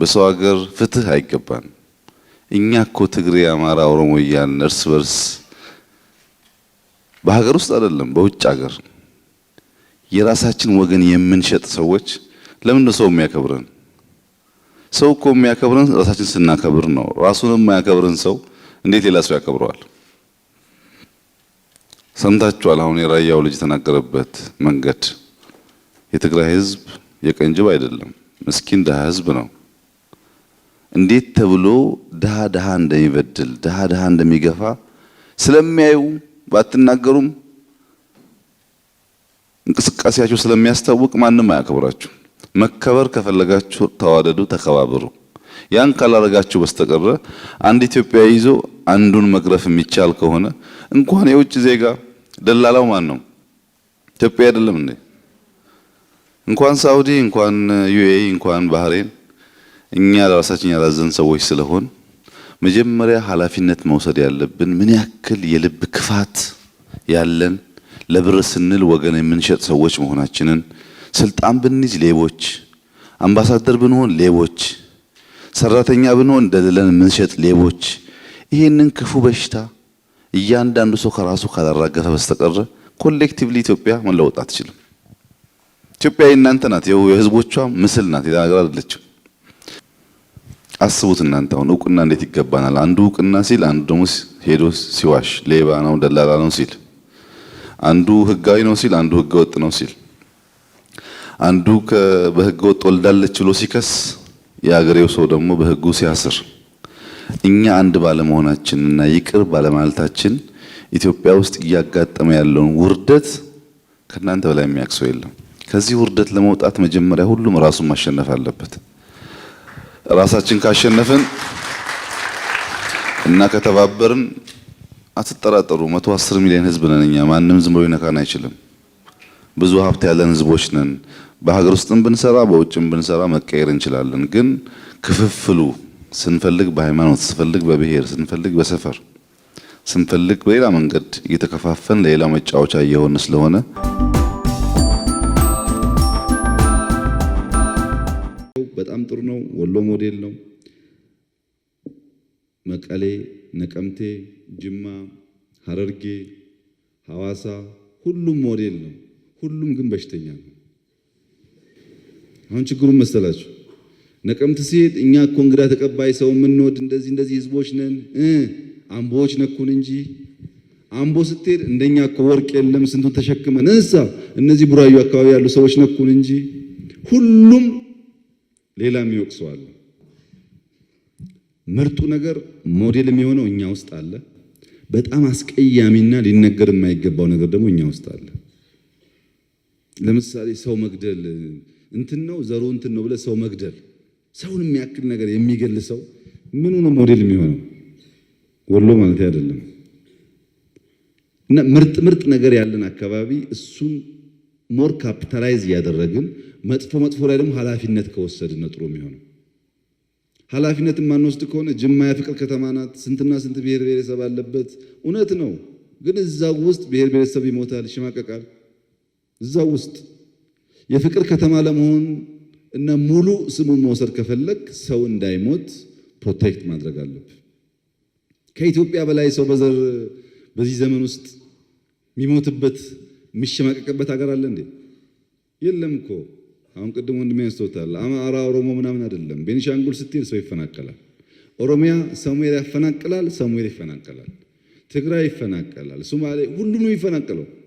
በሰው ሀገር ፍትህ አይገባን። እኛ እኮ ትግሬ፣ አማራ፣ ኦሮሞ እያልን እርስ በርስ በሀገር ውስጥ አይደለም በውጭ ሀገር የራሳችን ወገን የምንሸጥ ሰዎች ለምን ነው ሰው የሚያከብረን? ሰው እኮ የሚያከብረን ራሳችን ስናከብር ነው። ራሱን የማያከብረን ሰው እንዴት ሌላ ሰው ያከብረዋል? ሰምታችኋል። አሁን የራያው ልጅ የተናገረበት መንገድ የትግራይ ህዝብ የቀንጅብ አይደለም፣ ምስኪን ድሃ ህዝብ ነው። እንዴት ተብሎ ድሃ ድሃ እንደሚበድል ድሃ ድሃ እንደሚገፋ ስለሚያዩ ባትናገሩም እንቅስቃሴያችሁ ስለሚያስታውቅ ማንም አያከብራችሁ። መከበር ከፈለጋችሁ ተዋደዱ፣ ተከባበሩ። ያን ካላረጋችሁ በስተቀረ አንድ ኢትዮጵያ ይዞ አንዱን መቅረፍ የሚቻል ከሆነ እንኳን የውጭ ዜጋ ደላላው ማን ነው? ኢትዮጵያ አይደለም እንዴ? እንኳን ሳውዲ እንኳን ዩኤኢ፣ እንኳን ባህሬን እኛ ለራሳችን ያላዘን ሰዎች ስለሆን መጀመሪያ ኃላፊነት መውሰድ ያለብን ምን ያክል የልብ ክፋት ያለን ለብር ስንል ወገን የምንሸጥ ሰዎች መሆናችንን፣ ስልጣን ብንይዝ ሌቦች፣ አምባሳደር ብንሆን ሌቦች፣ ሰራተኛ ብንሆን ደልለን የምንሸጥ ሌቦች። ይህንን ክፉ በሽታ እያንዳንዱ ሰው ከራሱ ካላራገፈ በስተቀረ ኮሌክቲቭሊ ኢትዮጵያ መለወጥ አትችልም። ኢትዮጵያ የእናንተ ናት፣ የህዝቦቿ ምስል ናት፣ የተናገር አይደለችም። አስቡት እናንተ አሁን እውቅና እንዴት ይገባናል? አንዱ እውቅና ሲል አንዱ ደግሞ ሄዶ ሲዋሽ ሌባ ነው ደላላ ነው ሲል፣ አንዱ ህጋዊ ነው ሲል፣ አንዱ ህገ ወጥ ነው ሲል፣ አንዱ በህገ ወጥ ወልዳለች ብሎ ሲከስ፣ የአገሬው ሰው ደግሞ በህጉ ሲያስር፣ እኛ አንድ ባለመሆናችን እና ይቅር ባለማለታችን ኢትዮጵያ ውስጥ እያጋጠመ ያለውን ውርደት ከእናንተ በላይ የሚያቅሰው የለም። ከዚህ ውርደት ለመውጣት መጀመሪያ ሁሉም ራሱን ማሸነፍ አለበት። ራሳችን ካሸነፍን እና ከተባበርን አትጠራጠሩ፣ 110 ሚሊዮን ህዝብ ነን እኛ። ማንም ዝም ብሎ ይነካን አይችልም። ብዙ ሀብት ያለን ህዝቦች ነን። በሀገር ውስጥም ብንሰራ በውጭም ብንሰራ መቀየር እንችላለን። ግን ክፍፍሉ ስንፈልግ በሃይማኖት ስንፈልግ በብሔር ስንፈልግ በሰፈር ስንፈልግ በሌላ መንገድ እየተከፋፈን ለሌላ መጫወቻ እየሆነ ስለሆነ ጥሩ ነው። ወሎ ሞዴል ነው። መቀሌ፣ ነቀምቴ፣ ጅማ፣ ሀረርጌ፣ ሐዋሳ ሁሉም ሞዴል ነው። ሁሉም ግን በሽተኛ ነው። አሁን ችግሩን መሰላችሁ ነቀምት ሲሄድ እኛ እኮ እንግዳ ተቀባይ ሰው የምንወድ እንደዚህ እንደዚህ ህዝቦች ነን፣ አምቦዎች ነኩን እንጂ አምቦ ስትሄድ እንደኛ እኮ ወርቅ የለም ስንቱን ተሸክመን እንሳ እነዚህ ቡራዩ አካባቢ ያሉ ሰዎች ነኩን እንጂ ሁሉም ሌላም ይወቅሰዋል። ምርጡ ነገር ሞዴል የሚሆነው እኛ ውስጥ አለ። በጣም አስቀያሚና ሊነገር የማይገባው ነገር ደግሞ እኛ ውስጥ አለ። ለምሳሌ ሰው መግደል እንትን ነው ዘሩ እንትን ነው ብለህ ሰው መግደል ሰውን የሚያክል ነገር የሚገል ሰው ምኑ ነው ሞዴል የሚሆነው? ወሎ ማለት አይደለም። እና ምርጥ ምርጥ ነገር ያለን አካባቢ እሱን ሞር ካፒታላይዝ እያደረግን መጥፎ መጥፎ ላይ ደግሞ ኃላፊነት ከወሰድን ጥሩ የሚሆነው። ኃላፊነት የማንወስድ ከሆነ ጅማ የፍቅር ከተማ ናት። ስንትና ስንት ብሔር ብሔረሰብ አለበት፣ እውነት ነው። ግን እዛው ውስጥ ብሔር ብሔረሰብ ይሞታል፣ ይሸማቀቃል። እዛው ውስጥ የፍቅር ከተማ ለመሆን እና ሙሉ ስሙን መውሰድ ከፈለግ ሰው እንዳይሞት ፕሮቴክት ማድረግ አለብ። ከኢትዮጵያ በላይ ሰው በዘር በዚህ ዘመን ውስጥ የሚሞትበት የሚሸማቀቅበት ሀገር አለ እንዴ? የለም እኮ አሁን ቅድም ወንድሜ ያስተውታል። አማራ ኦሮሞ ምናምን አይደለም። ቤኒሻንጉል ስትሄድ ሰው ይፈናቀላል። ኦሮሚያ ሰሙኤል ያፈናቅላል፣ ሰሙኤል ይፈናቀላል፣ ትግራይ ይፈናቀላል፣ ሶማሌ ሁሉም ነው